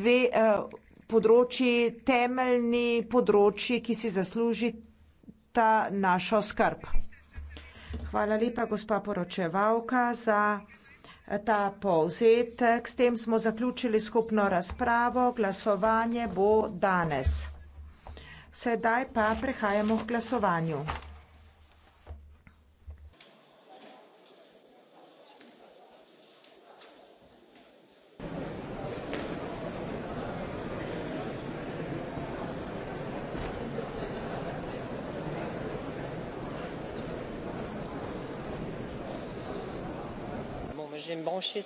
dve eh, področji, temeljni področji, ki si zaslužita našo skrb. Hvala lepa, gospa poročevalka, za eh, ta povzetek. S tem smo zaključili skupno razpravo. Glasovanje bo danes. Sedaj pa prehajamo h glasovanju. même branchée.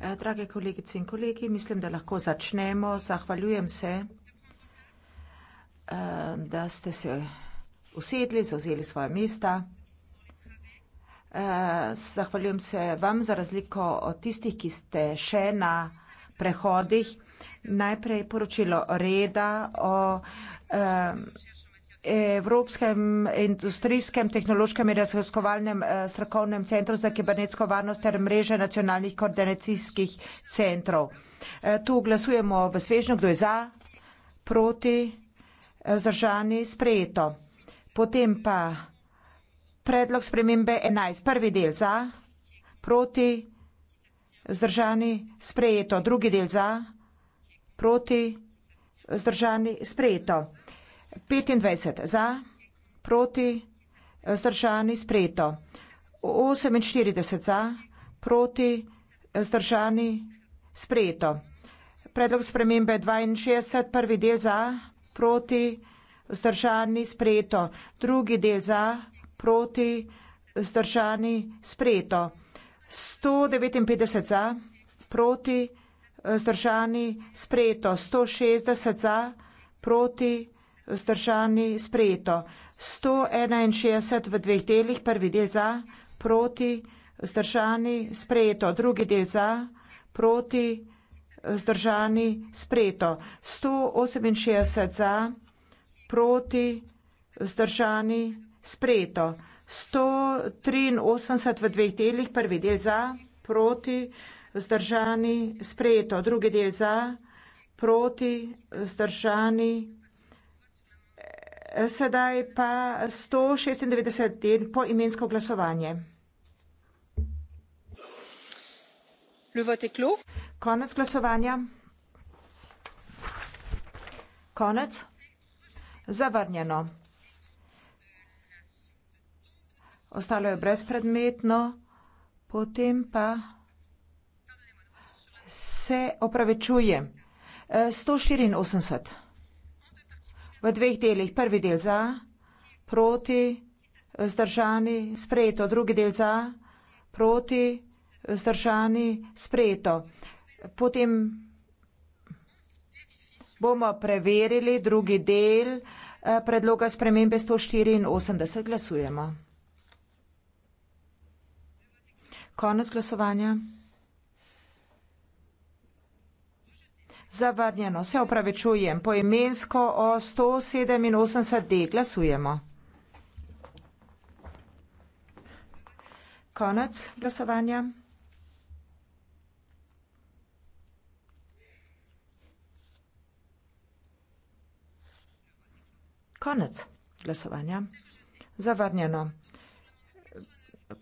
Eh, drage kolegice in kolegi, mislim, da lahko začnemo. Zahvaljujem se, eh, da ste se usedli, zavzeli svoje mesta. Eh, zahvaljujem se vam za razliko od tistih, ki ste še na prehodih. Najprej poročilo reda o, Evropskem industrijskem, tehnološkem in raziskovalnem eh, strokovnem centru za kibernetsko varnost ter mreže nacionalnih koordinacijskih centrov. Eh, tu glasujemo v svežnju, kdo je za, proti, eh, vzdržani, sprejeto. Potem pa predlog spremembe 11. Prvi del za, proti, vzdržani, sprejeto. Drugi del za, proti, vzdržani, sprejeto. 25 za, proti, vzdržani, sprejeto. 48 za, proti, vzdržani, sprejeto. Predlog spremembe 62, prvi del za, proti, vzdržani, sprejeto. Drugi del za, proti, vzdržani, sprejeto. 159 za, proti, vzdržani, sprejeto. 160 za, proti, vzdržani, sprejeto vzdržani sprejeto. 161 v dveh delih, prvi del za, proti, vzdržani sprejeto, drugi del za, proti, vzdržani sprejeto. 168 za, proti, vzdržani sprejeto. 183 v dveh delih, prvi del za, proti, vzdržani sprejeto, drugi del za, proti, vzdržani sprejeto. Sedaj pa sto šestindevetdeset del poimensko glasovanje. Konec glasovanja. Konec. Zavrnjeno. Ostalo je brezpredmetno, potem pa se opravičujem. 184 v dveh delih. Prvi del za, proti, zdržani, sprejeto. Drugi del za, proti, zdržani, sprejeto. Potem bomo preverili drugi del eh, predloga spremembe 184. Glasujemo. Konec glasovanja. Zavrnjeno. Se opravičujem. Poimensko o 187 D glasujemo. Konec glasovanja. Konec glasovanja. Zavrnjeno.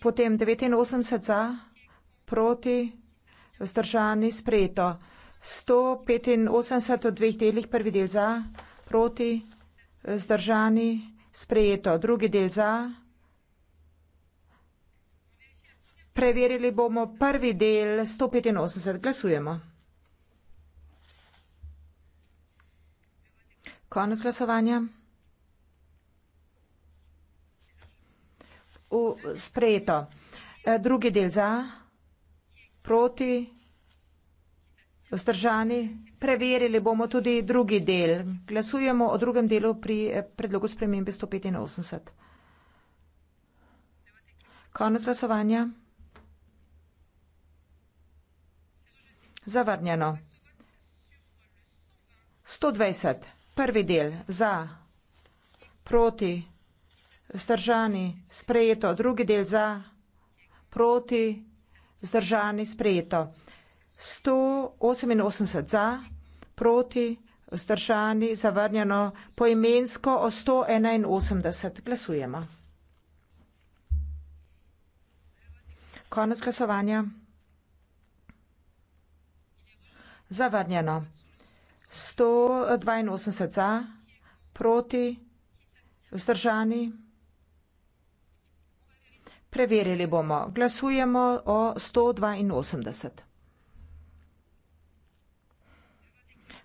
Potem 89 za, proti, vzdržani, sprejeto. 185 od dveh delih, prvi del za, proti, zdržani, sprejeto, drugi del za. Preverili bomo prvi del 185, glasujemo. Konec glasovanja. U, sprejeto. E, drugi del za, proti, Vzdržani. Preverili bomo tudi drugi del. Glasujemo o drugem delu pri eh, predlogu spremembe 185. Konec glasovanja. Zavrnjeno. 120. Prvi del. Za. Proti. Vzdržani. Sprejeto. Drugi del. Za. Proti. Vzdržani. Sprejeto. 188 za, proti, vzdržani, zavrnjeno, poimensko o 181 glasujemo. Konec glasovanja. Zavrnjeno. 182 za, proti, vzdržani. Preverili bomo. Glasujemo o 182.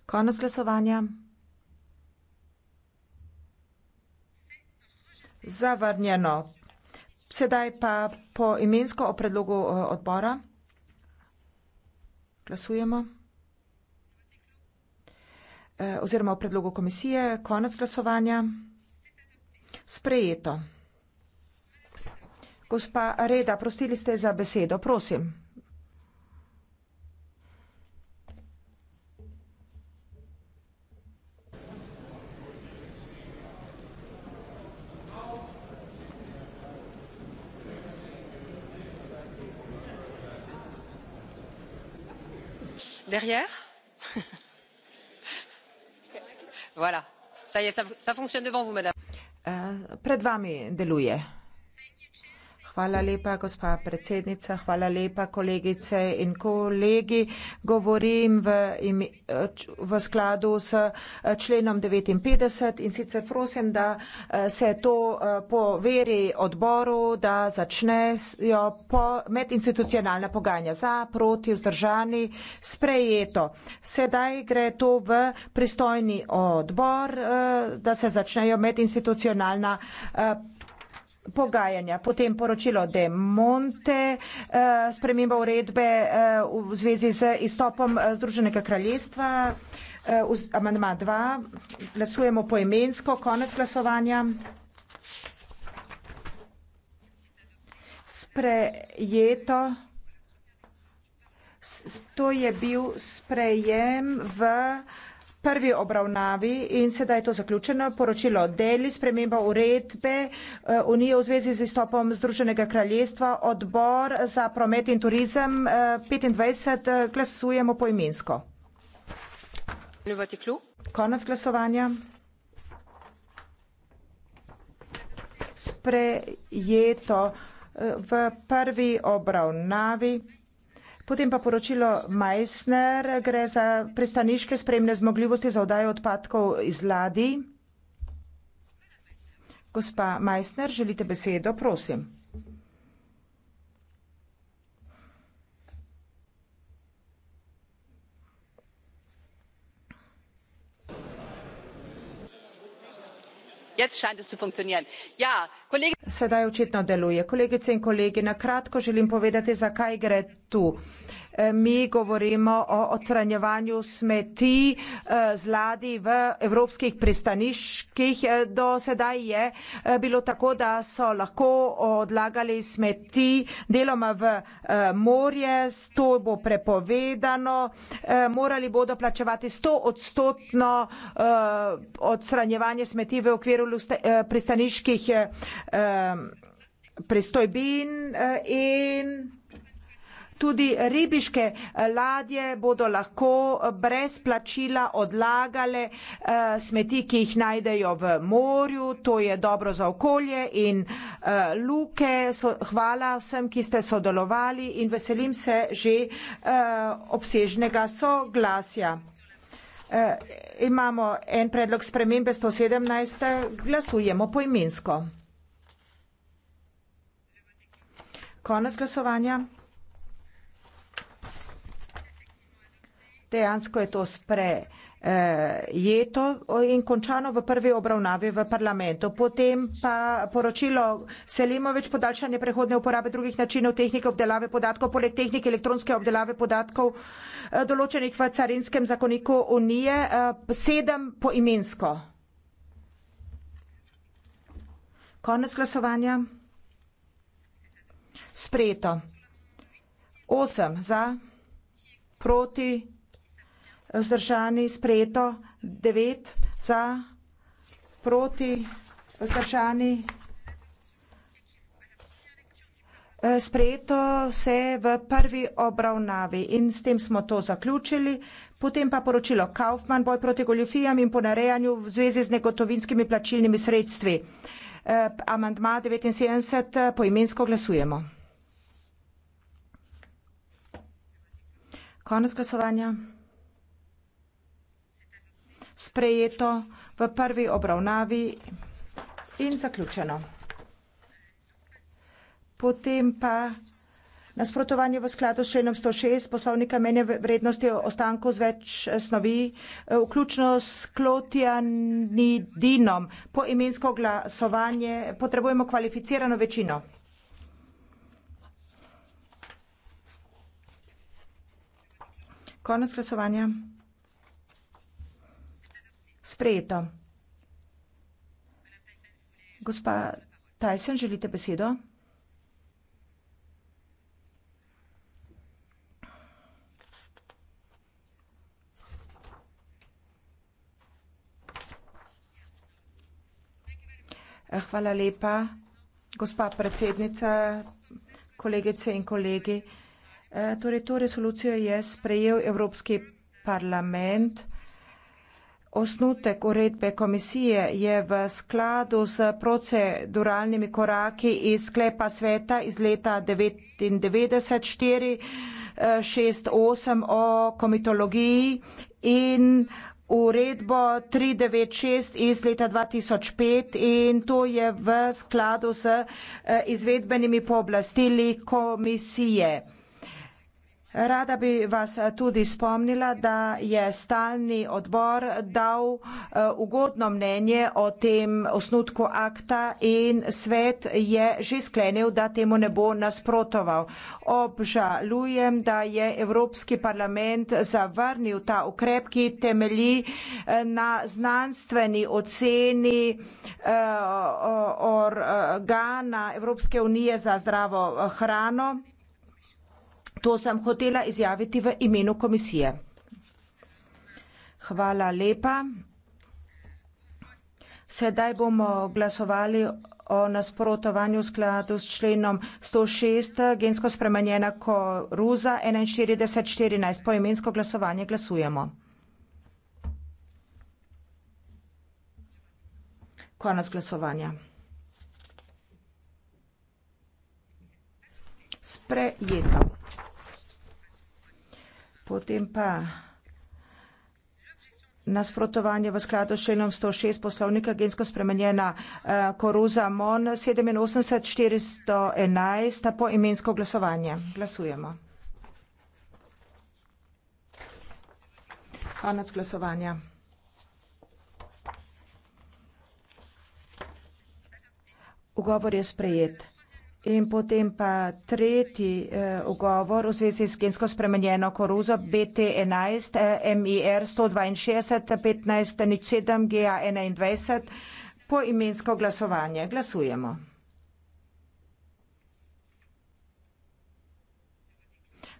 Konec glasovanja. Zavrnjeno. Sedaj pa po imensko o predlogu odbora. Glasujemo. E, oziroma o predlogu komisije. Konec glasovanja. Sprejeto. Gospa Reda, prosili ste za besedo. Prosim. derrière voilà ca y est ça fonctionne devant vous madame. Euh, pred vami deluje. Hvala lepa, gospa predsednica, hvala lepa, kolegice in kolegi. Govorim v, imi, v skladu s členom 59 in sicer prosim, da se to poveri odboru, da začnejo po medinstitucionalna pogajanja za, proti, vzdržani, sprejeto. Sedaj gre to v pristojni odbor, da se začnejo medinstitucionalna pogajanja pogajanja. Potem poročilo De Monte, eh, sprememba uredbe eh, v zvezi z izstopom eh, Združenega kraljestva, amandma 2, glasujemo poemensko, konec glasovanja. Sprejeto. To je bil sprejem v prvi obravnavi in sedaj je to zaključeno poročilo deli sprememba uredbe eh, Unije v zvezi z izstopom Združenega kraljestva, odbor za promet in turizem 25, eh, eh, glasujemo poimensko. Konec glasovanja. Sprejeto v prvi obravnavi. Potem pa poročilo Meissner gre za pristaniške spremne zmogljivosti za odajo odpadkov iz ladij. Gospa Meissner, želite besedo? Prosim. Ja, sedaj očitno deluje. kolegice in kolegi na kratko želim povedati za kaj gre tu. Eh, mi govorimo o odstranjevanju smeti eh, zladi v evropskih pristaniških. Eh, do sedaj je bilo tako, da so lahko odlagali smeti deloma v morje, to bo prepovedano, morali bodo plačevati 100 odstotno odstranjevanje smeti v okviru pristaniških pristojbin in tudi ribiške eh, ladje bodo lahko eh, brez plačila odlagale eh, smeti, ki jih najdejo v morju, to je dobro za okolje in luke. Hvala vsem, ki ste sodelovali in veselim se že obsežnega soglasja. Imamo en predlog spremembe 117. Glasujemo poimensko. Konec glasovanja. dejansko je to sprejeto eh, in končano v prvi obravnavi v parlamentu. Potem pa poročilo Selimovič, podaljšanje prehodne uporabe drugih načinov tehnike obdelave podatkov, poleg tehnike elektronske obdelave podatkov, eh, določenih v carinskem zakoniku Unije, eh, sedem po imensko. Konec glasovanja. Sprejeto. Osem za, proti vzdržani, sprejeto, devet za, proti, vzdržani. Eh, sprejeto vse v prvi obravnavi in s tem smo to zaključili. Potem pa poročilo Kaufmann, boj proti goljufijam in ponarejanju v zvezi z negotovinskimi plačilnimi sredstvi. Eh, amandma devetinsedemdeset, eh, poimensko glasujemo. Konec glasovanja sprejeto v prvi obravnavi in zaključeno. Potem pa nasprotovanje v skladu s členom 106 poslovnika menja vrednosti ostankov z več snovi, vključno s klotijanidinom. Po imensko glasovanje potrebujemo kvalificirano večino. Konec glasovanja. Sprejeto. Gospa Tyson, želite besedo? Eh, hvala lepa. Gospa predsednica, kolegice in kolegi. Eh, torej to resolucijo je sprejel Evropski parlament. Osnutek uredbe komisije je v skladu s proceduralnimi koraki iz sklepa sveta iz leta 99.4.68 o komitologiji in uredbo 396 iz leta 2005 in to je v skladu s eh, izvedbenimi pooblastili komisije. Rada bi vas eh, tudi spomnila, da je stalni odbor dal eh, ugodno mnenje o tem osnutku akta in svet je že sklenil, da temu ne bo nasprotoval. Obžalujem, da je Evropski parlament zavrnil ta ukrep, ki temelji eh, na znanstveni oceni organa Evropske unije za zdravo hrano. To sem hotela izjaviti v imenu komisije. Hvala lepa. Sedaj bomo glasovali o nasprotovanju v skladu s členom 106, gensko spremenjena koruza 41.14. Po imensko glasovanje glasujemo. Konec glasovanja. Sprejeto. Potem pa nasprotovanje v skladu s členom 106 poslovnika, gensko spremenjena eh, koruza MON 87411 po imensko glasovanje. Glasujemo. Konec glasovanja. Ugovor je sprejet. In potem pa tretji eh, ugovor v zvezi s gensko spremenjeno koruzo BT11 eh, MIR 162-15-07 GA21 po imensko glasovanje. Glasujemo.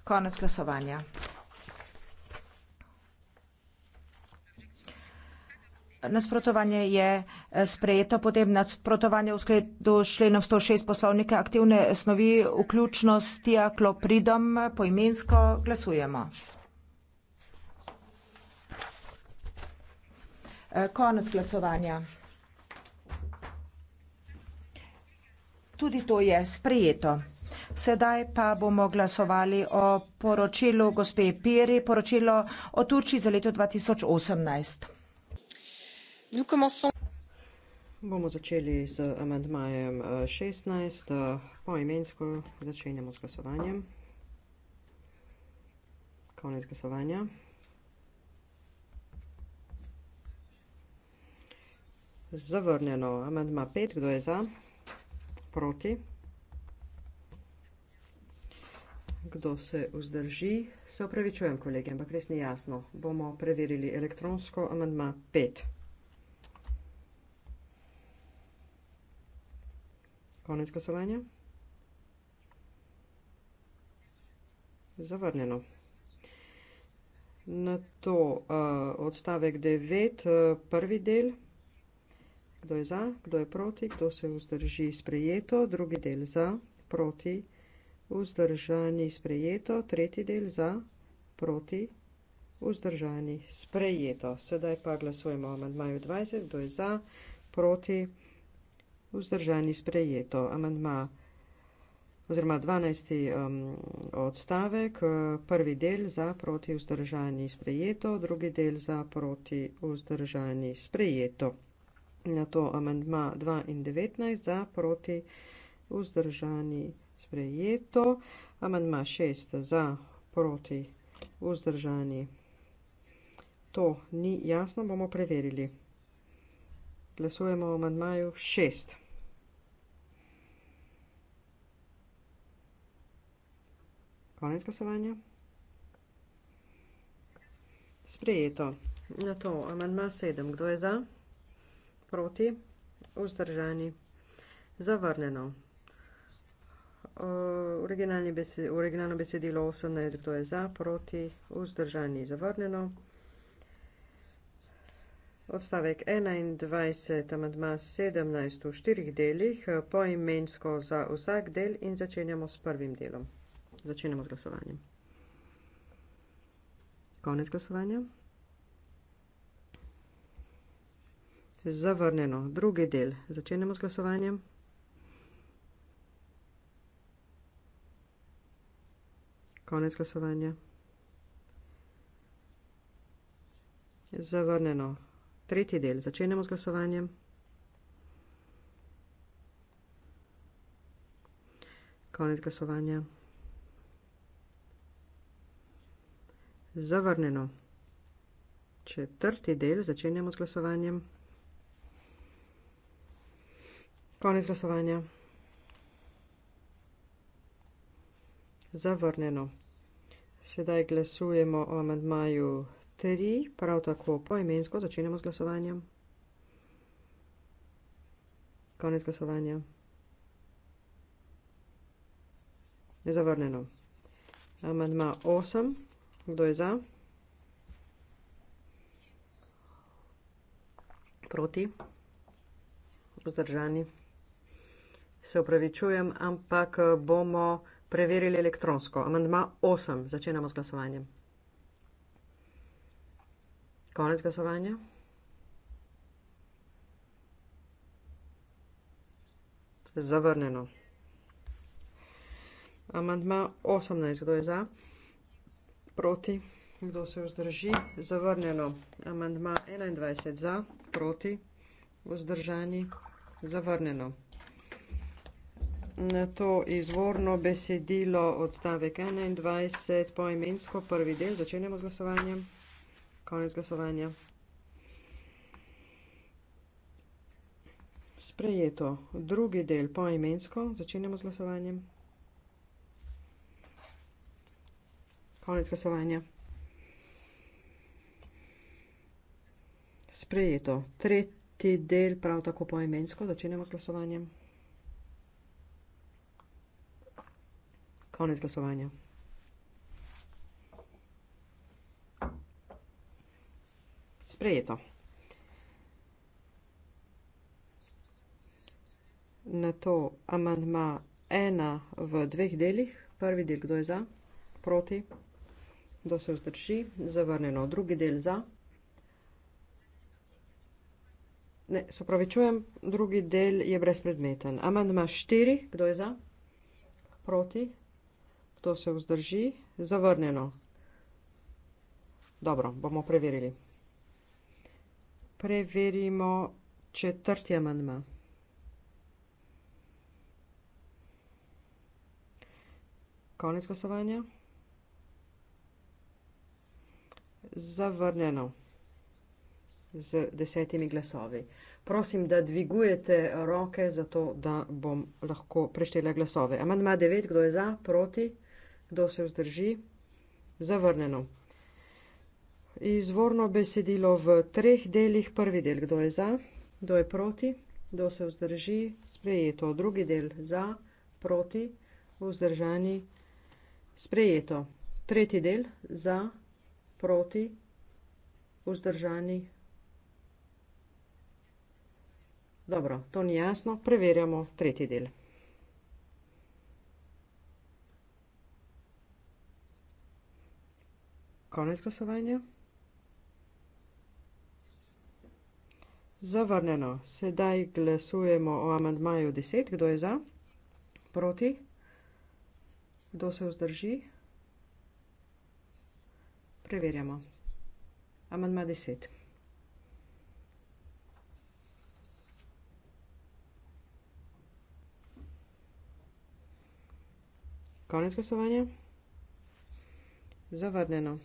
Konec glasovanja. Nasprotovanje je Eh, sprejeto potem nasprotovanje v skledu s členom 106 poslovnike aktivne snovi vključno s tiaklopridom poimensko glasujemo. Eh, konec glasovanja. Tudi to je sprejeto. Sedaj pa bomo glasovali o poročilu gospe Piri, poročilo o Turčiji za leto 2018. Bomo začeli z amendmajem 16, eh, eh, poimensko začenjamo z glasovanjem. Konec glasovanja. Zavrnjeno amendma 5, kdo je za? Proti. Kdo se vzdrži? Se opravičujem, kolegi, ampak res ni jasno. Bomo preverili elektronsko amendma 5. Konec glasovanja. Zavrnjeno. Na to eh, odstavek 9, eh, prvi del. Kdo je za, kdo je proti, kdo se vzdrži sprejeto, drugi del za, proti, vzdržani sprejeto, tretji del za, proti, vzdržani sprejeto. Sedaj pa glasujemo o amandmaju 20, kdo je za, proti, vzdržani sprejeto vzdržani sprejeto amandma oziroma 12. Um, odstavek, uh, prvi del za proti vzdržani sprejeto, drugi del za proti vzdržani sprejeto. Na to amandma 2 in 19 za proti vzdržani sprejeto, amandma 6 za proti vzdržani. To ni jasno, bomo preverili. Glasujemo o amandmaju šest. Konec glasovanja. Sprejeto. Na to amandma sedem. Kdo je za? Proti? Vzdržani? Zavrnjeno. Originalno besedilo 18, kdo je za, proti, vzdržani, zavrnjeno. Odstavek 21, amadma 17 v štirih delih, poimensko za vsak del in začenjamo s prvim delom. Začenjamo z glasovanjem. Konec glasovanja. Zavrneno. Drugi del. Začenjamo z glasovanjem. Konec glasovanja. Zavrneno. Tretji del. Začenjamo z glasovanjem. Konec glasovanja. Zavrnjeno. Četrti del. Začenjamo z glasovanjem. Konec glasovanja. Zavrnjeno. Sedaj glasujemo o amantmaju tri, prav tako poimensko začenjamo z glasovanjem. Konec glasovanja. Je zavrnjeno. Amandma 8. Kdo je za? Proti? Vzdržani? Se upravičujem, ampak bomo preverili elektronsko. Amandma 8. Začenjamo z glasovanjem. Konec glasovanja. Zavrnjeno. Amandma 18. Kdo je za? Proti. Kdo se vzdrži? Zavrnjeno. Amandma 21. Za. Proti. Vzdržani. Zavrnjeno. Na to izvorno besedilo odstavek 21 poimensko prvi del začenjamo z glasovanjem. Konec glasovanja. Sprejeto. Drugi del poimensko. Začenjamo z glasovanjem. Konec glasovanja. Sprejeto. Tretji del prav tako poimensko. Začenjamo z glasovanjem. Konec glasovanja. sprejeto. Na to amandma ena v dveh delih. Prvi del, kdo je za, proti, kdo se vzdrži, zavrneno. Drugi del za. Ne, se pravi, čujem, drugi del je brezpredmeten. Amandma štiri, kdo je za, proti, kdo se vzdrži, zavrneno. Dobro, bomo preverili preverimo četrti amandma. Konec glasovanja. Zavrnjeno z desetimi glasovi. Prosim, da dvigujete roke, zato da bom lahko preštela glasove. Amandma 9, kdo je za, proti, kdo se vzdrži, zavrnjeno izvorno besedilo v treh delih. Prvi del, kdo je za, kdo je proti, kdo se vzdrži, sprejeto. Drugi del za, proti, vzdržani, sprejeto. Tretji del za, proti, vzdržani. Dobro, to ni jasno, preverjamo tretji del. Konec glasovanja. Zavrnjeno. Sedaj glasujemo o amandmaju 10. Kdo je za? Proti? Kdo se vzdrži? Preverjamo. Amandma 10. Konec glasovanja. Zavrnjeno.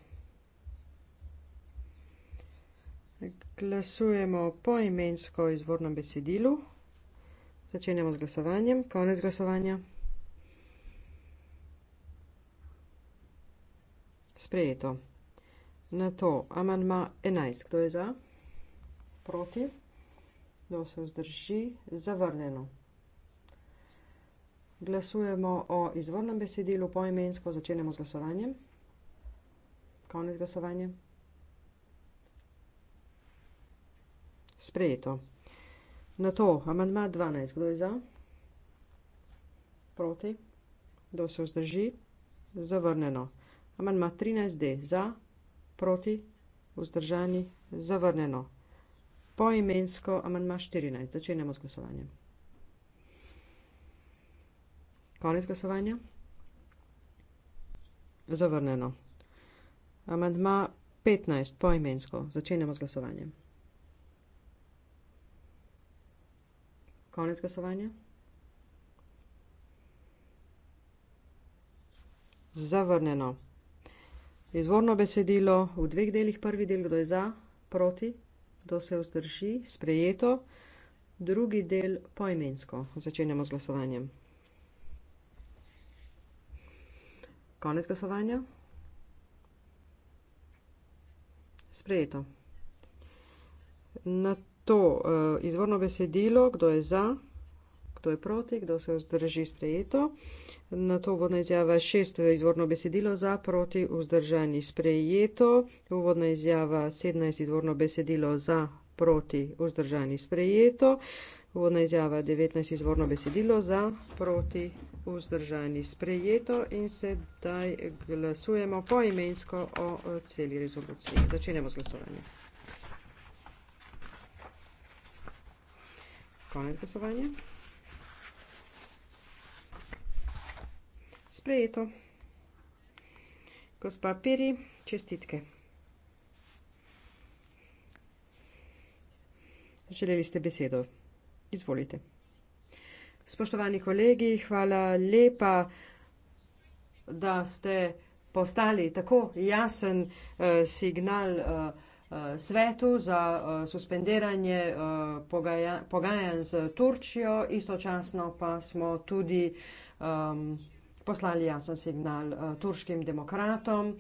Glasujemo po imensko izvornem besedilu. Začenjamo z glasovanjem. Konec glasovanja. Sprejeto. Na to amanma 11. Kdo je za? Proti? Kdo se vzdrži? Zavrneno. Glasujemo o izvornem besedilu po imensko. Začenjamo z glasovanjem. Konec glasovanja. sprejeto. Na to amandma 12, kdo je za? Proti, kdo se vzdrži? Zavrneno. Amandma 13D za, proti, vzdržani, zavrneno. Poimensko amandma 14. Začenjamo z glasovanjem. Konec glasovanja. Zavrneno. Amandma 15. Poimensko. Začenjamo z glasovanjem. Konec glasovanja. Zavrnjeno. Izvorno besedilo v dveh delih, prvi del, kdo je za, proti, kdo se vzdrži, sprejeto, drugi del poimensko. Začenjamo z glasovanjem. Konec glasovanja. Sprejeto. Na to uh, izvorno besedilo, kdo je za, kdo je proti, kdo se vzdrži sprejeto. Na to uvodna izjava je šest izvorno besedilo za, proti, vzdržani sprejeto. Uvodna izjava sedemnajst izvorno besedilo za, proti, vzdržani sprejeto. Uvodna izjava devetnajst izvorno besedilo za, proti, vzdržani sprejeto. In sedaj glasujemo poimensko o eh, celi rezoluciji. Začenjamo z glasovanjem. Konec glasovanja. Sprejeto. Gospa Piri, čestitke. Želeli ste besedo. Izvolite. Spoštovani kolegi, hvala lepa, da ste postali tako jasen eh, signal. Eh, svetu za uh, suspendiranje uh, pogaja, pogajanj z Turčijo, istočasno pa smo tudi um, poslali jasen signal uh, turškim demokratom.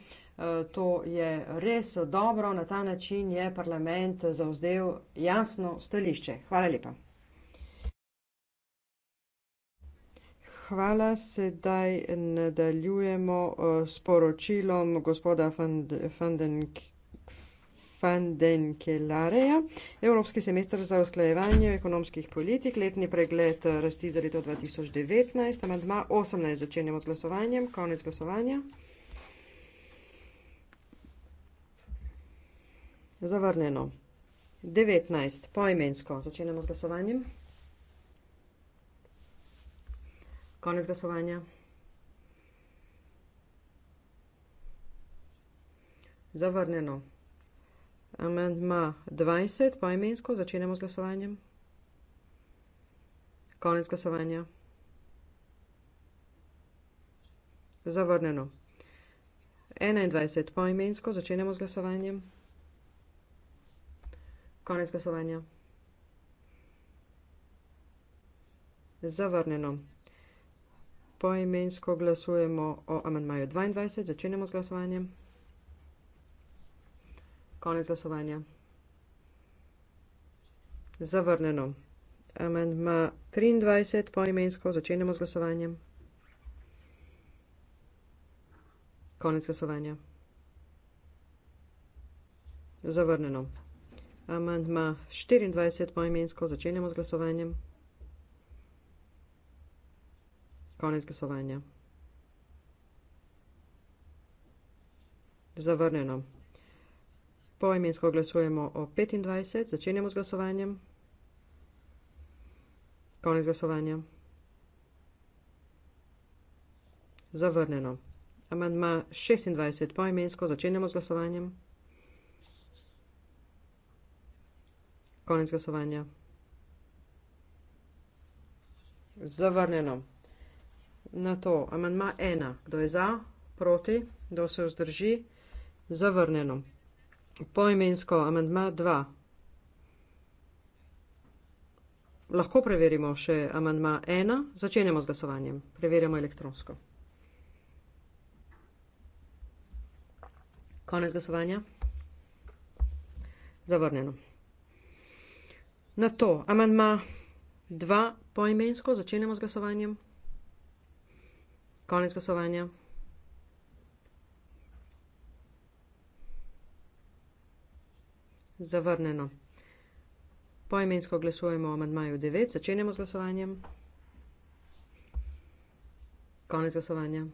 To je res dobro, na ta način je parlament zauzdel jasno stališče. Hvala lepa. Hvala, sedaj nadaljujemo s poročilom gospoda Fandenkega. Van Pandenkelareja, Evropski semester za usklajevanje ekonomskih politik, letni pregled rasti za leto 2019, amandma 18. Začenjamo z glasovanjem, konec glasovanja. Zavrnjeno. 19. Poimensko. Začenjamo z glasovanjem. Konec glasovanja. Zavrnjeno amandma 20 poimensko, začenjamo z glasovanjem. Konec glasovanja. Zavrneno. 21 poimensko, začenjamo z glasovanjem. Konec glasovanja. Zavrneno. Poimensko glasujemo o amandmaju 22, začenjamo z glasovanjem. Konec glasovanja. Zavrnjeno. Amendma 23 poimensko, začenjamo z glasovanjem. Konec glasovanja. Zavrnjeno. Amendma 24 poimensko, začenjamo z glasovanjem. Konec glasovanja. Zavrnjeno. Poimensko glasujemo o 25, začenjamo z glasovanjem. Konec glasovanja. Zavrnjeno. Amandma 26, poimensko, začenjamo z glasovanjem. Konec glasovanja. Zavrnjeno. Na to amandma 1, kdo je za, proti, kdo se vzdrži, zavrnjeno poimensko amendma 2. Lahko preverimo še amendma 1. Začenjamo z glasovanjem. Preverjamo elektronsko. Konec glasovanja. Zavrnjeno. Na to amendma 2 poimensko začenjamo z glasovanjem. Konec glasovanja. Zavrnjeno. Poimensko glasujemo o amadmaju 9, začenjamo z glasovanjem. Konec glasovanja.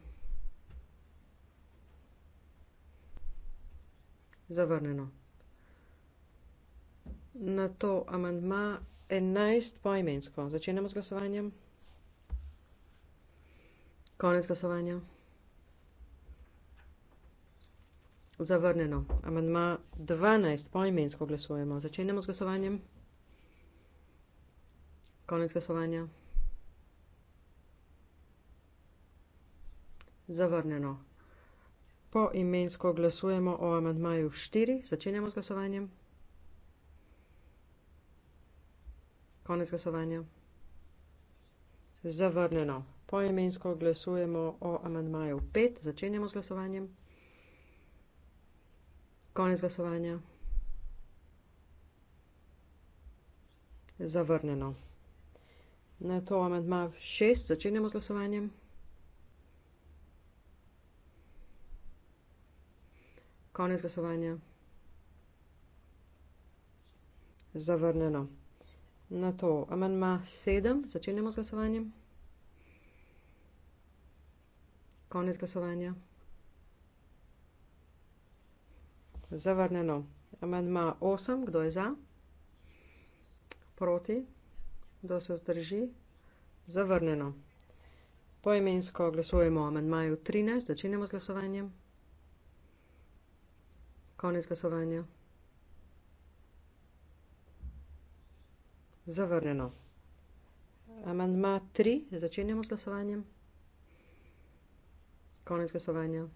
Zavrnjeno. Na to amadma 11 poimensko, začenjamo z glasovanjem. Konec glasovanja. Zavrnjeno. Amandma 12, poimensko glasujemo. Začenjamo z glasovanjem. Konec glasovanja. Zavrnjeno. Poimensko glasujemo o amandmaju 4. Začenjamo z glasovanjem. Konec glasovanja. Zavrnjeno. Poimensko glasujemo o amandmaju 5. Začenjamo z glasovanjem. Konec glasovanja. Zavrnjeno. Na to amendma šest začenjamo z glasovanjem. Konec glasovanja. Zavrnjeno. Na to amendma sedem začenjamo z glasovanjem. Konec glasovanja. Zavrnjeno. Amandma 8, kdo je za? Proti. Kdo se vzdrži? Zavrnjeno. Poimensko glasujemo o amandmaju 13, začenjamo z glasovanjem. Konec glasovanja. Zavrnjeno. Amandma 3, začenjamo z glasovanjem. Konec glasovanja.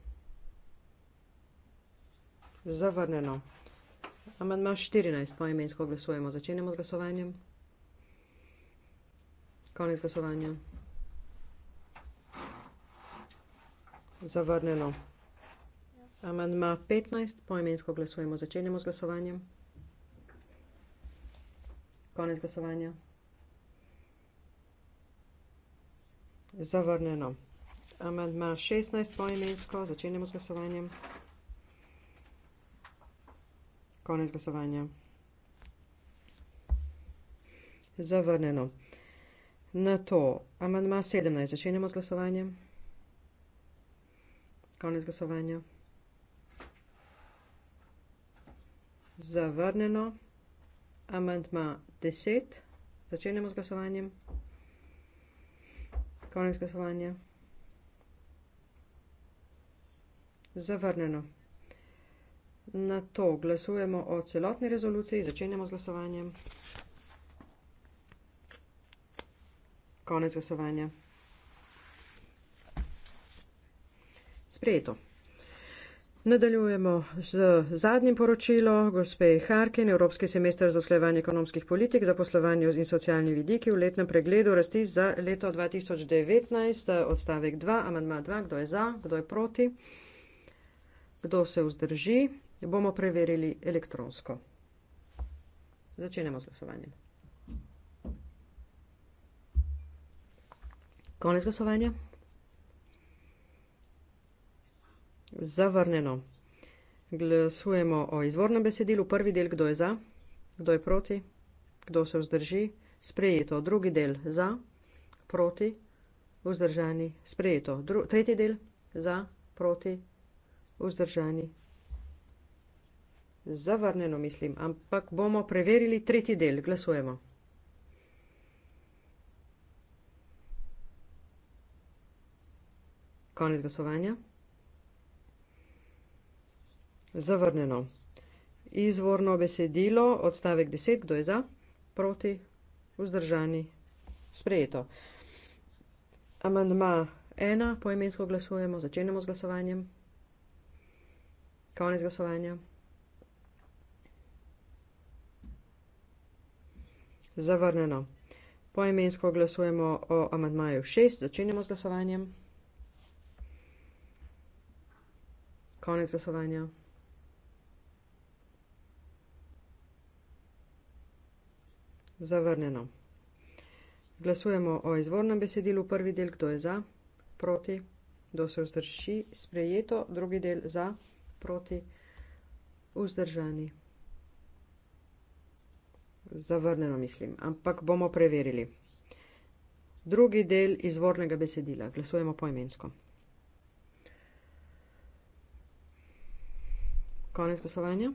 Zavrnjeno. Amandma 14, poimensko glasujemo. Začenjamo z glasovanjem. Konec glasovanja. Zavrnjeno. Amandma 15, poimensko glasujemo. Začenjamo z glasovanjem. Konec glasovanja. Zavrnjeno. Amandma 16, poimensko. Začenjamo z glasovanjem. Konec glasovanja. Zavrnjeno. Na to, amandma 17, začenjamo z glasovanjem. Konec glasovanja. Zavrnjeno. Amandma 10, začenjamo z glasovanjem. Konec glasovanja. Zavrnjeno na to glasujemo o celotni rezoluciji, začenjamo z glasovanjem. Konec glasovanja. Sprejeto. Nadaljujemo z zadnjim poročilom gospe Harkin, Evropski semester za oslojevanje ekonomskih politik, zaposlovanje in socialni vidiki v letnem pregledu rasti za leto 2019, odstavek 2, amantma 2, kdo je za, kdo je proti, kdo se vzdrži bomo preverili elektronsko. Začenjamo z glasovanjem. Konec glasovanja. Zavrnjeno. Glasujemo o izvornem besedilu. Prvi del, kdo je za, kdo je proti, kdo se vzdrži. Sprejeto. Drugi del za, proti, vzdržani. Sprejeto. Dru tretji del za, proti, vzdržani. Zavrnjeno mislim, ampak bomo preverili tretji del. Glasujemo. Konec glasovanja. Zavrnjeno. Izvorno besedilo, odstavek 10, kdo je za, proti, vzdržani, sprejeto. Amandma 1, poimensko glasujemo, začenjamo z glasovanjem. Konec glasovanja. Zavrnjeno. Poimensko glasujemo o amantmaju 6, začenjamo z glasovanjem. Konec glasovanja. Zavrnjeno. Glasujemo o izvornem besedilu, prvi del, kdo je za, proti, kdo se vzdrži, sprejeto, drugi del za, proti, vzdržani zavrnjeno, mislim, ampak bomo preverili. Drugi del izvornega besedila. Glasujemo poimensko. Konec glasovanja.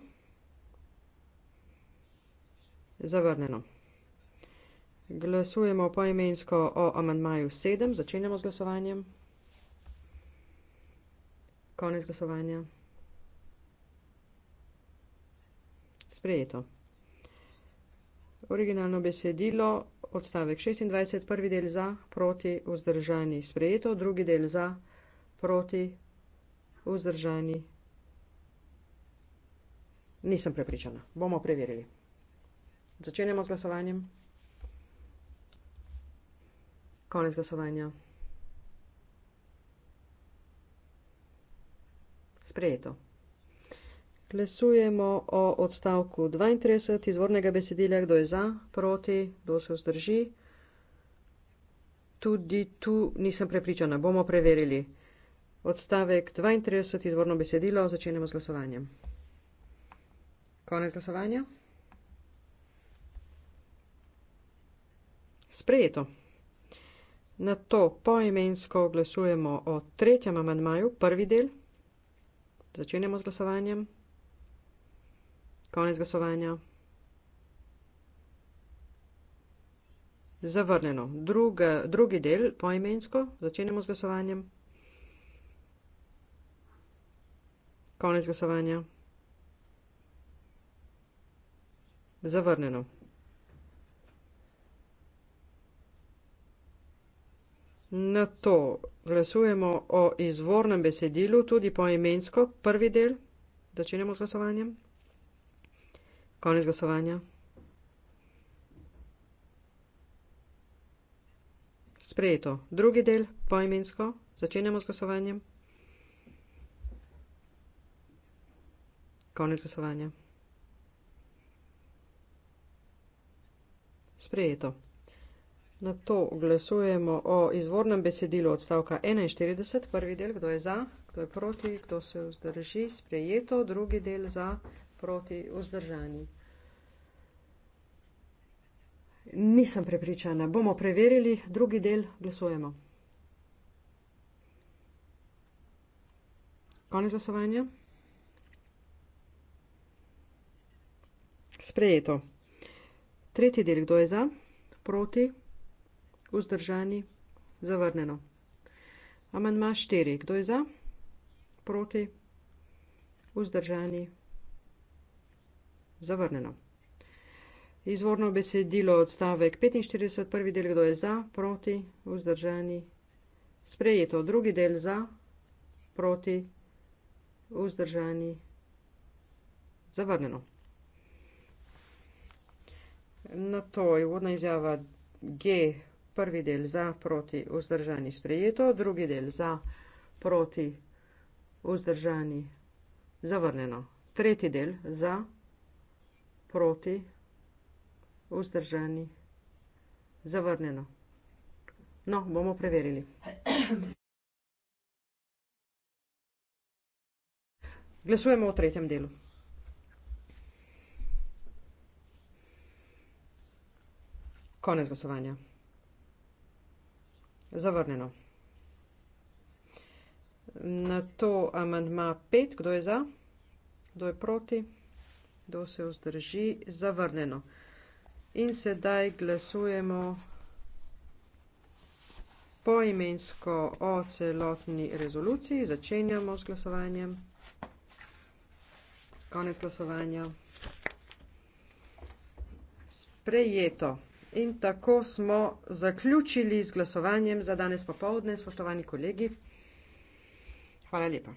Zavrnjeno. Glasujemo poimensko o amantmaju 7. Začenjamo z glasovanjem. Konec glasovanja. Sprejeto originalno besedilo, odstavek 26, prvi del za, proti, vzdržani, sprejeto, drugi del za, proti, vzdržani. Nisem prepričana. Bomo preverili. Začenjamo z glasovanjem. Konec glasovanja. Sprejeto. Glasujemo o odstavku 32 izvornega besedila, kdo je za, proti, kdo se vzdrži. Tudi tu nisem prepričana, bomo preverili. Odstavek 32 izvorno besedilo, začenjamo z glasovanjem. Konec glasovanja. Sprejeto. Na to poimensko glasujemo o tretjem amandmaju, prvi del. Začenjamo z glasovanjem. Konec glasovanja. Zavrnjeno. Druga, drugi del poimensko. Začenjamo z glasovanjem. Konec glasovanja. Zavrnjeno. Na to glasujemo o izvornem besedilu, tudi poimensko, prvi del. Začenjamo z glasovanjem. Konec glasovanja. Sprejeto. Drugi del, poimensko, začenjamo z glasovanjem. Konec glasovanja. Sprejeto. Na to glasujemo o izvornem besedilu odstavka 41, prvi del, kdo je za, kdo je proti, kdo se vzdrži, sprejeto, drugi del za, proti vzdržanju. Nisem prepričana. Bomo preverili drugi del, glasujemo. Konec glasovanja. Sprejeto. Tretji del, kdo je za, proti, vzdržani, zavrnjeno. Amandma štiri, kdo je za, proti, vzdržani, zavrnjeno zavrnjeno. Izvorno besedilo odstavek 45, prvi del, kdo je za, proti, vzdržani, sprejeto, drugi del za, proti, vzdržani, zavrnjeno. Na to je vodna izjava G, prvi del za, proti, vzdržani, sprejeto, drugi del za, proti, vzdržani, zavrnjeno. Tretji del za, proti, vzdržani. Proti. Vzdržani. Zavrnjeno. No, bomo preverili. Glasujemo o tretjem delu. Konec glasovanja. Zavrnjeno. Na to amandma pet, kdo je za, kdo je proti kdo se vzdrži, zavrnjeno. In sedaj glasujemo poimensko o celotni rezoluciji. Začenjamo s glasovanjem. Konec glasovanja. Sprejeto. In tako smo zaključili z glasovanjem za danes popovdne, spoštovani kolegi. Hvala lepa.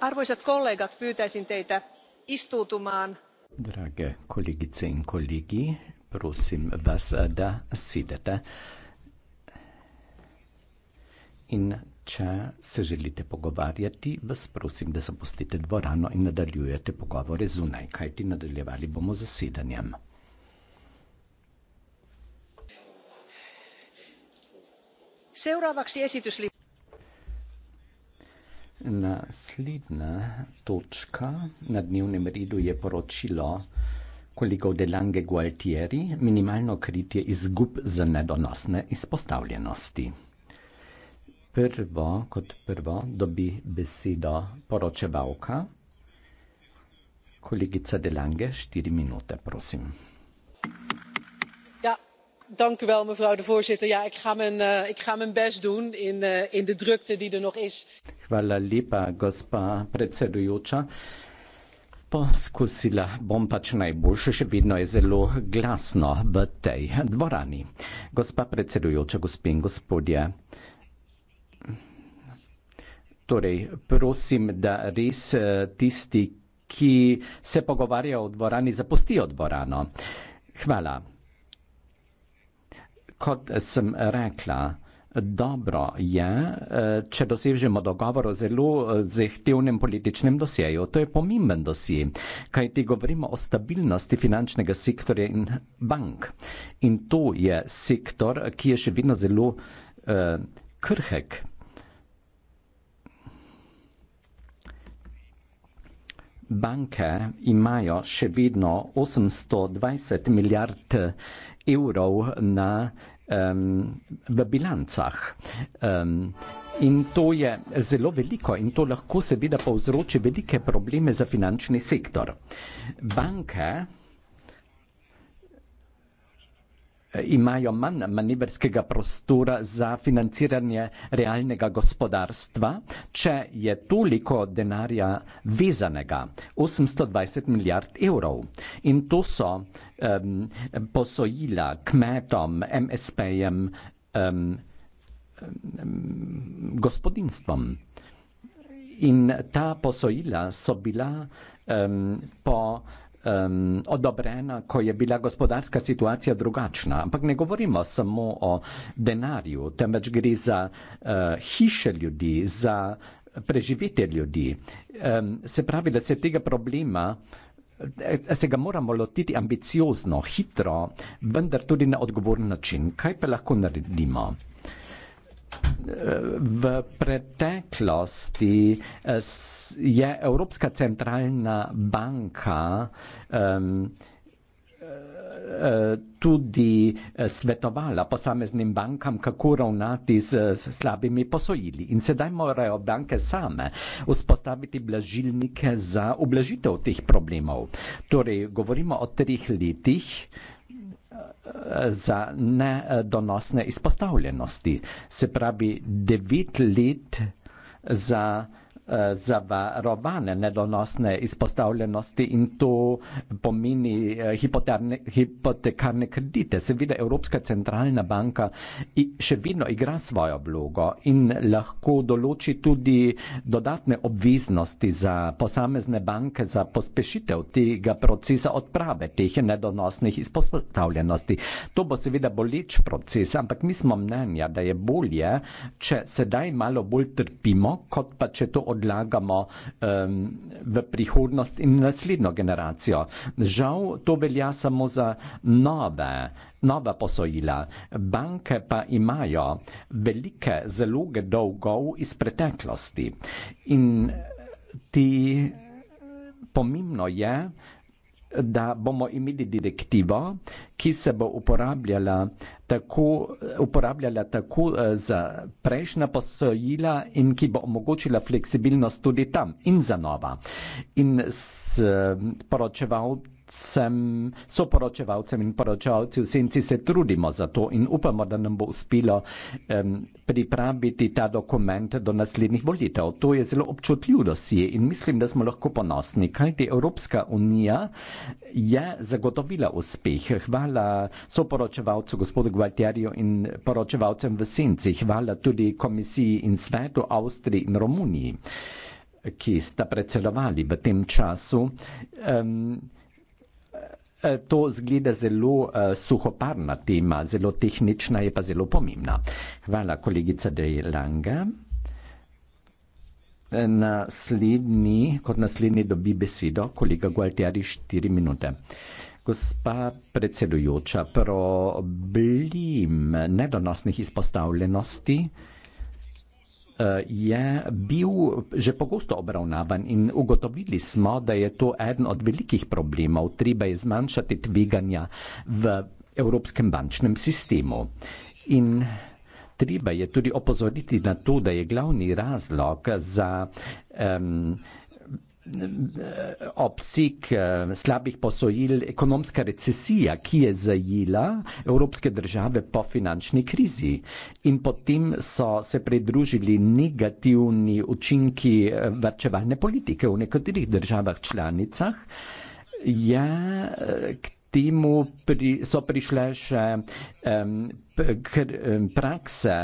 arvoisat kollegat pyytäisin teitä istuutumaan. drage kolegice in kolegi prosim vas da sidete. In Če se želite pogovarjati, vas prosim, da zapustite dvorano in nadaljujete pogovore zunaj, kajti nadaljevali bomo z zasedanjem. Naslednja točka na dnevnem redu je poročilo kolega Delange Gualtieri, minimalno kritje izgub za nedonosne izpostavljenosti prvo, kot prvo dobi besedo poročevalka, kolegica Delange, štiri minute, prosim. Ja, dank u wel, mevrouw de voorzitter. Ja, ik ga mijn, uh, ik ga mijn best doen in, uh, in de drukte die er nog is. Hvala lepa, gospa predsedujoča. Poskusila bom pač najboljše, še vedno je zelo glasno v tej dvorani. Gospa predsedujoča, gospe in gospodje, Torej, prosim, da res eh, tisti, ki se pogovarjajo v dvorani, zapustijo dvorano. Hvala. Kot sem rekla, dobro je, eh, če dosežemo dogovor o zelo eh, zahtevnem političnem dosjeju. To je pomemben dosje, kaj ti govorimo o stabilnosti finančnega sektorja in bank. In to je sektor, ki je še vedno zelo uh, krhek. banke imajo še vedno 820 milijard evrov na, um, v bilancah. Um, in to je zelo veliko in to lahko seveda povzroči velike probleme za finančni sektor. Banke. Eh, imajo manj manevrskega prostora za financiranje realnega gospodarstva, če je toliko denarja vezanega, 820 milijard evrov. In to so um, posojila kmetom, MSP-jem, um, gospodinstvom. In ta posojila so bila um, po um, odobrena, ko je bila gospodarska situacija drugačna. Ampak ne govorimo samo o denarju, temveč gre za uh, hiše ljudi, za preživetje ljudi. Um, se pravi, da se tega problema. Eh, se ga moramo lotiti ambiciozno, hitro, vendar tudi na odgovoren način. Kaj pa lahko naredimo? V preteklosti eh, je Evropska centralna banka eh, eh, tudi svetovala posameznim bankam, kako ravnati z slabimi posojili. In sedaj morajo banke same vzpostaviti blažilnike za oblažitev teh problemov. Torej, govorimo o treh letih za nedonosne izpostavljenosti. Se pravi, devet let za Eh, zavarovane nedonosne izpostavljenosti in to pomeni eh, hipotekarne kredite. Seveda Evropska centralna banka še vedno igra svojo vlogo in lahko določi tudi dodatne obveznosti za posamezne banke za pospešitev tega procesa odprave teh nedonosnih izpostavljenosti. To bo seveda boleč proces, ampak mi smo mnenja, da je bolje, če sedaj malo bolj trpimo, kot pa če to odločimo odlagamo um, v prihodnost in naslednjo generacijo. Žal to velja samo za nove, nove posojila. Banke pa imajo velike zaloge dolgov iz preteklosti in ti pomembno je, da bomo imeli direktivo, ki se bo uporabljala tako, uporabljala tako eh, za prejšnja posojila in ki bo omogočila fleksibilnost tudi tam in za nova. In s s eh, poročevalcem, so poročevalcem in poročevalci v senci se trudimo za to in upamo, da nam bo uspelo um, pripraviti ta dokument do naslednjih volitev. To je zelo občutljiv dosje in mislim, da smo lahko ponosni, kajti Evropska unija je zagotovila uspeh. Hvala so poročevalcu gospodu Gualtjarju in poročevalcem v senci. Hvala tudi komisiji in svetu Avstriji in Romuniji ki sta predsedovali v tem času. Um, To zgleda zelo uh, suhoparna tema, zelo tehnična, je pa zelo pomembna. Hvala, kolegica De Lange. Naslednji, kot naslednji dobi besedo, kolega Gualtieri, štiri minute. Gospa predsedujoča, problem nedonosnih izpostavljenosti uh, Eh, je bil že pogosto obravnavan in ugotovili smo, da je to eden od velikih problemov. Treba je zmanjšati tveganja v evropskem bančnem sistemu. In treba je tudi opozoriti na to, da je glavni razlog za um, obseg eh, slabih posojil, ekonomska recesija, ki je zajela evropske države po finančni krizi. In potem so se pridružili negativni učinki eh, vrčevalne politike v nekaterih državah članicah. Ja, temu pri, so prišle še prakse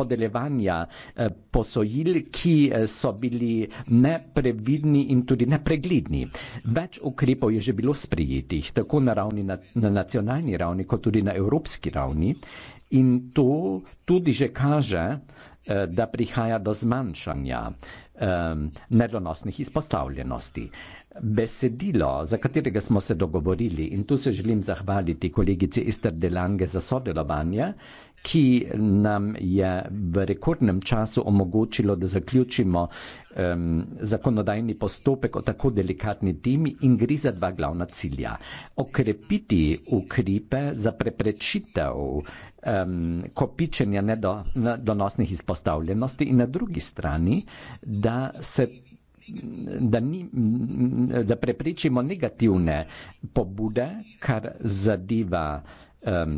podeljevanja eh, posojil, ki eh, so bili neprevidni in tudi nepregledni. Več ukrepov je že bilo sprejetih, tako na, ravni, na nacionalni ravni, kot tudi na evropski ravni. In to tudi že kaže, eh, da prihaja do zmanjšanja um, medonosnih izpostavljenosti. Besedilo, za katerega smo se dogovorili, in tu se želim zahvaliti kolegici Ester Delange za sodelovanje, uh, ki nam je v rekordnem času omogočilo, da zaključimo um, zakonodajni postopek o tako delikatni temi in gre za dva glavna cilja. Okrepiti ukripe za preprečitev um, kopičenja nedonosnih nedo, izpostavljenosti in na drugi strani, da se. Da, ni, da preprečimo negativne pobude, kar zadeva um,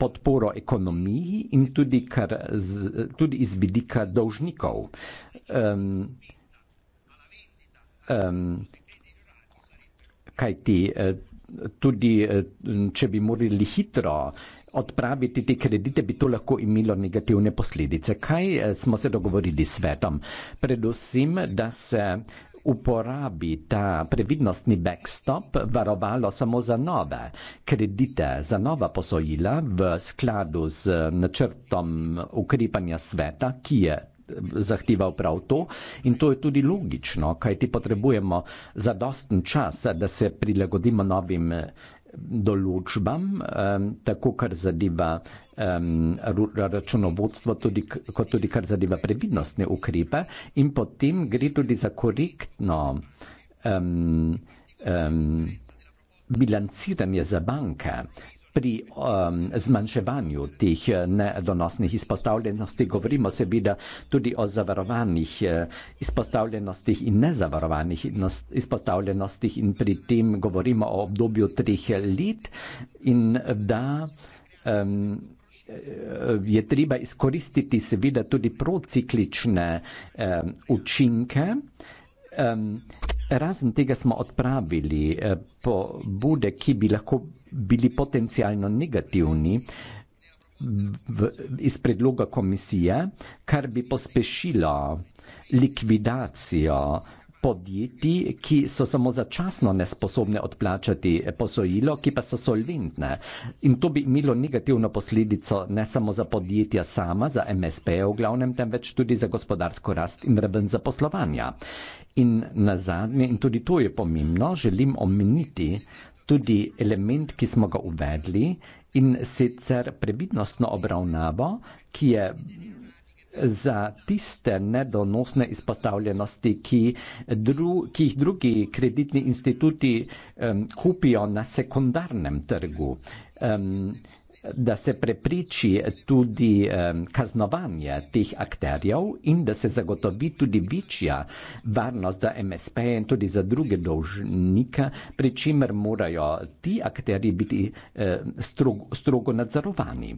podporo ekonomiji in tudi, kar, z, tudi iz vidika dolžnikov. Um, um, kaj ti, e, tudi e, če bi morali hitro odpraviti te kredite, bi to lahko imelo negativne posledice. Kaj e, smo se dogovorili s svetom? Predvsem, da se uporabi ta previdnostni backstop varovalo samo za nove kredite, za nova posojila v skladu z načrtom ukrepanja sveta, ki je zahteval prav to in to je tudi logično, kajti potrebujemo zadosten čas, da se prilagodimo novim določbam, eh, tako kar zadeva um, računovodstvo, tudi, kot tudi kar zadeva previdnostne ukrepe, in potem gre tudi za korektno um, um, bilanciranje za banke pri um, zmanjševanju teh eh, nedonosnih izpostavljenosti. Govorimo seveda tudi o zavarovanih eh, izpostavljenostih in nezavarovanih izpostavljenostih in pri tem govorimo o obdobju treh let in da um, Eh, je treba izkoristiti seveda tudi prociklične eh, učinke. Um, razen tega smo odpravili eh, pobude, ki bi lahko bili potencijalno negativni v, v, iz predloga komisije, kar bi pospešilo likvidacijo podjetij, ki so samo začasno nesposobne odplačati eh, posojilo, ki pa so solventne. In to bi imelo negativno posledico ne samo za podjetja sama, za MSP v glavnem, temveč tudi za gospodarsko rast in raven zaposlovanja. In na zadnje, in tudi to je pomembno, želim omeniti tudi element, ki smo ga uvedli in sicer previdnostno obravnavo, ki je za tiste nedonosne izpostavljenosti, ki, dru, ki jih drugi kreditni instituti um, kupijo na sekundarnem trgu. Um, da se prepriči tudi kaznovanje teh akterjev in da se zagotovi tudi večja varnost za MSP in tudi za druge dolžnike, pri čemer morajo ti akterji biti strogo, strogo nadzorovani.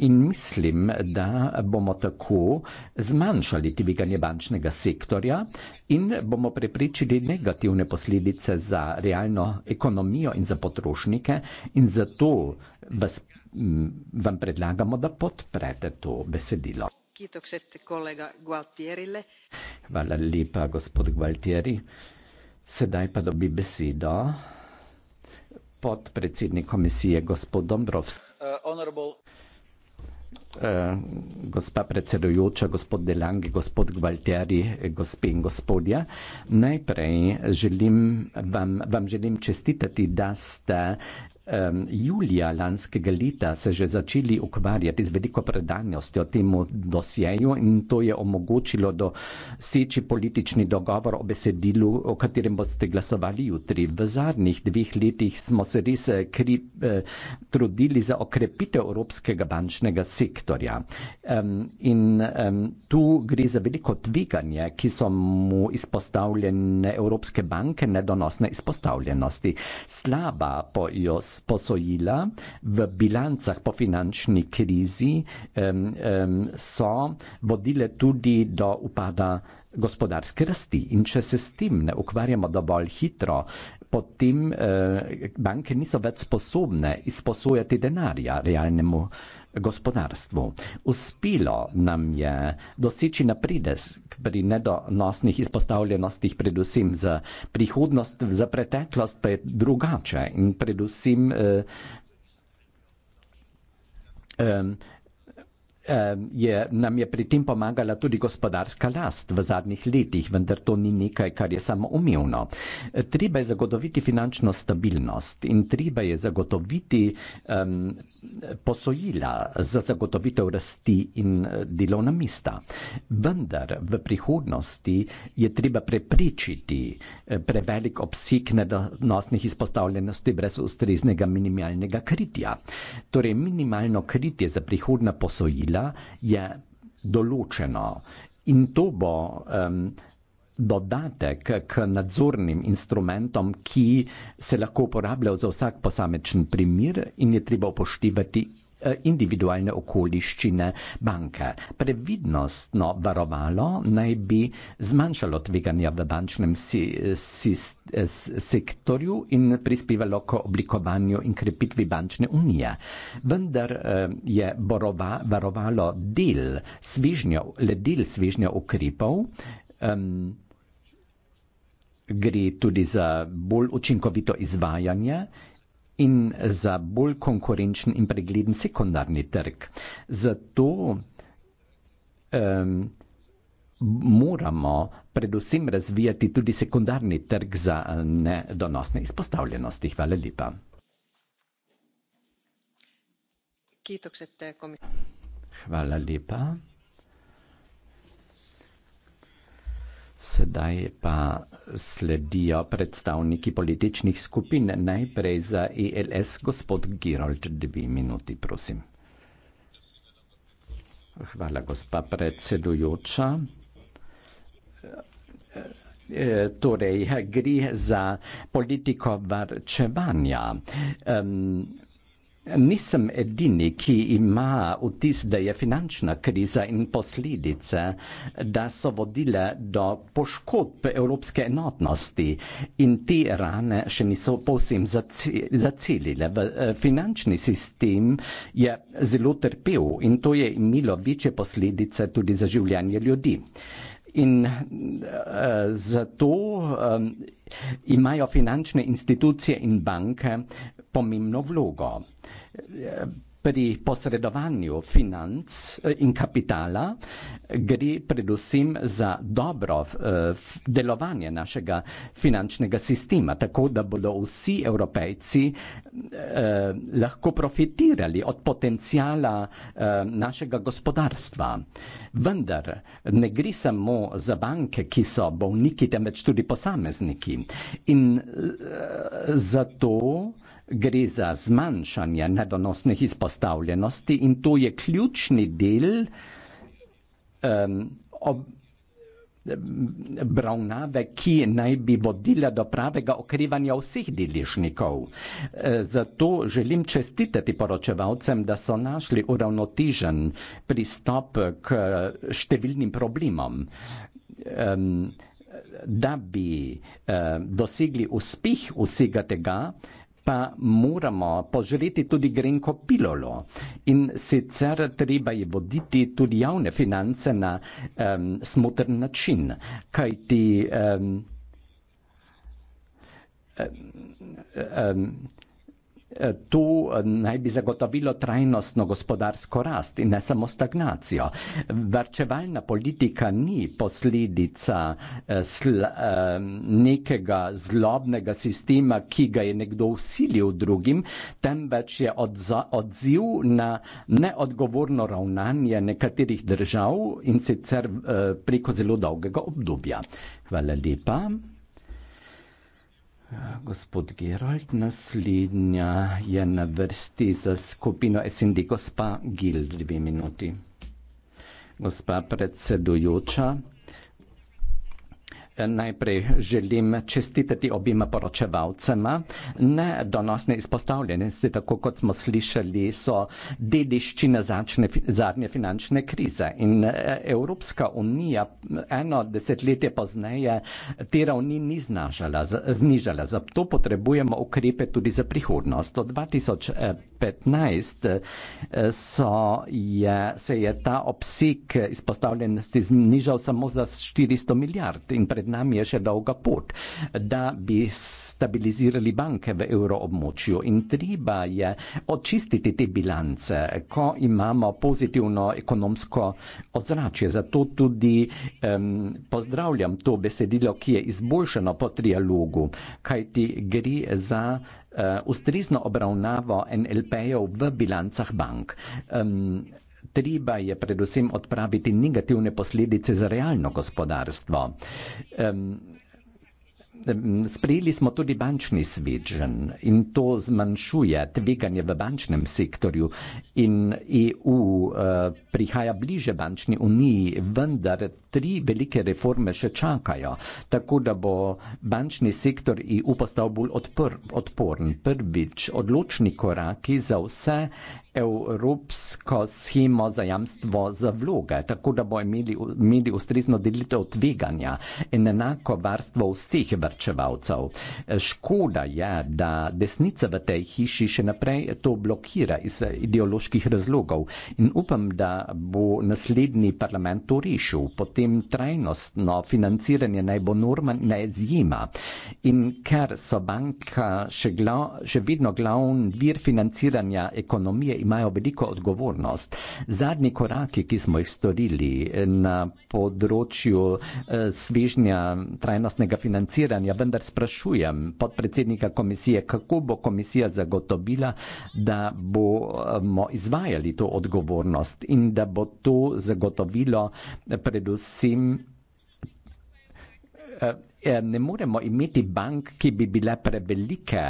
In mislim, da bomo tako zmanjšali tveganje bančnega sektorja in bomo prepričali negativne posledice za realno ekonomijo in za potrošnike in zato vas, m, vam predlagamo, da podprete to besedilo. Hvala lepa, gospod Gualtieri. Sedaj pa dobi besedo podpredsednik komisije, gospod Dombrovski. Uh, uh Gospa predsedujoča, gospod Delangi, gospod Gvalteri, gospe in gospodje, najprej želim vam, vam želim čestitati, da ste Um, julija lanskega leta se že začeli ukvarjati z veliko predanjostjo temu dosjeju in to je omogočilo doseči politični dogovor o besedilu, o katerem boste glasovali jutri. V zadnjih dveh letih smo se res eh, kri, eh, trudili za okrepitev Evropskega bančnega sektorja. Um, in um, tu gre za veliko tveganje, ki so mu izpostavljene Evropske banke nedonosne izpostavljenosti. Slaba pojo posojila v bilancah po finančni krizi um, um, so vodile tudi do upada gospodarske rasti. In če se s tem ne ukvarjamo dovolj hitro, potem uh, banke niso več sposobne izposojati denarja realnemu uh, gospodarstvu. Uspelo nam je doseči napredek pri nedonosnih izpostavljenostih, predvsem za prihodnost, za preteklost pa je drugače in predvsem eh, eh, je, nam je pri tem pomagala tudi gospodarska last v zadnjih letih, vendar to ni nekaj, kar je samo umevno. Treba je zagotoviti finančno stabilnost in treba je zagotoviti um, posojila za zagotovitev rasti in delovna mesta. Vendar v prihodnosti je treba preprečiti eh, prevelik obsek nedonosnih izpostavljenosti brez ustreznega minimalnega kritja. Torej, minimalno kritje za prihodna posojila dela je določeno in to bo um, dodatek k nadzornim instrumentom, ki se lahko uporabljajo za vsak posamečen primer in je treba upoštevati Eh, individualne okoliščine banke. Previdnostno varovalo naj bi zmanjšalo tveganja v bančnem si, si, s, sektorju in prispevalo k oblikovanju in krepitvi bančne unije. Vendar eh, je borova, varovalo del svežnjev, le del svežnjev ukrepov. Um, gre tudi za bolj učinkovito izvajanje in za bolj konkurenčen in pregleden sekundarni trg. Zato um, moramo predvsem razvijati tudi sekundarni trg za nedonosne izpostavljenosti. Hvala lepa. Hvala lepa. Sedaj pa sledijo predstavniki političnih skupin, najprej za ILS, e gospod Girold, dve minuti, prosim. Hvala, gospa predsedujoča. E, torej, gre za politiko varčevanja. Um, Nisem edini, ki ima vtis, da je finančna kriza in posledice, da so vodile do poškodb evropske enotnosti in te rane še niso povsem zacelile. Eh, finančni sistem je zelo trpel in to je imelo večje posledice tudi za življenje ljudi. In uh, zato um, imajo finančne institucije in banke pomembno vlogo. Pri posredovanju financ eh, in kapitala gre predvsem za dobro eh, delovanje našega finančnega sistema, tako da bodo vsi evropejci eh, lahko profitirali od potencijala našega gospodarstva. Vendar ne gre samo za banke, ki so bolniki, temveč tudi posamezniki. In zato gre za zmanjšanje nedonosnih izpostavljenosti in to je ključni del um, ob, obravnave, ki naj bi vodila do pravega okrevanja vseh deležnikov. E, zato želim čestitati poročevalcem, da so našli uravnotežen pristop k številnim problemom. Da bi eh, dosegli uspeh vsega tega, pa moramo poželiti tudi grenko pilolo. In sicer treba je voditi tudi javne finance na um, smotrn način, kajti um, um, um, Eh, tu eh, naj bi zagotovilo trajnostno gospodarsko rast in ne samo stagnacijo. Varčevalna politika ni posledica eh, nekega zlobnega sistema, ki ga je nekdo usilil drugim, temveč je odziv na neodgovorno ravnanje nekaterih držav in sicer preko zelo dolgega obdobja. Hvala lepa. Ja, gospod Gerald, naslednja je na vrsti za skupino SND, gospa Gild, dve minuti. Gospa predsedujoča, Najprej želim čestitati obima poročevalcema. Ne donosne izpostavljene, se tako kot smo slišali, so dediščina začne, zadnje finančne krize. In e, Evropska unija eno desetletje pozneje te ravni ni znažala, znižala. Zato potrebujemo ukrepe tudi za prihodnost. Od 2015 e, so, je, se je ta obseg izpostavljenosti znižal samo za 400 milijard pred nami je še dolga pot, da bi stabilizirali banke v evroobmočju in treba je očistiti te bilance, ko imamo pozitivno ekonomsko ozračje. Zato tudi um, pozdravljam to besedilo, ki je izboljšano po trialogu, kajti gre za uh, ustrezno obravnavo NLP-jev v bilancah bank. Um, Treba je predvsem odpraviti negativne posledice za realno gospodarstvo. Um, Sprejeli smo tudi bančni svežen in to zmanjšuje tveganje v bančnem sektorju in EU uh, eh, prihaja bliže bančni uniji, vendar tri velike reforme še čakajo, tako da bo bančni sektor EU postal bolj odpor, odporen. Prvič, odločni koraki za vse evropsko schemo za jamstvo za vloge, tako da bo imeli, imeli ustrezno delitev tveganja in enako varstvo vseh vrčevalcev. Škoda je, da desnica v tej hiši še naprej to blokira iz ideoloških razlogov in upam, da bo naslednji parlament to rešil. Potem trajnostno financiranje naj bo norma, naj izjema. In ker so banka še, glav, še vedno glavni vir financiranja ekonomije, imajo veliko odgovornost. Zadnji koraki, ki smo jih storili na področju eh, svežnja trajnostnega financiranja, vendar sprašujem podpredsednika komisije, kako bo komisija zagotovila, da bomo izvajali to odgovornost in da bo to zagotovilo predvsem. Eh, eh, ne moremo imeti bank, ki bi bile prevelike.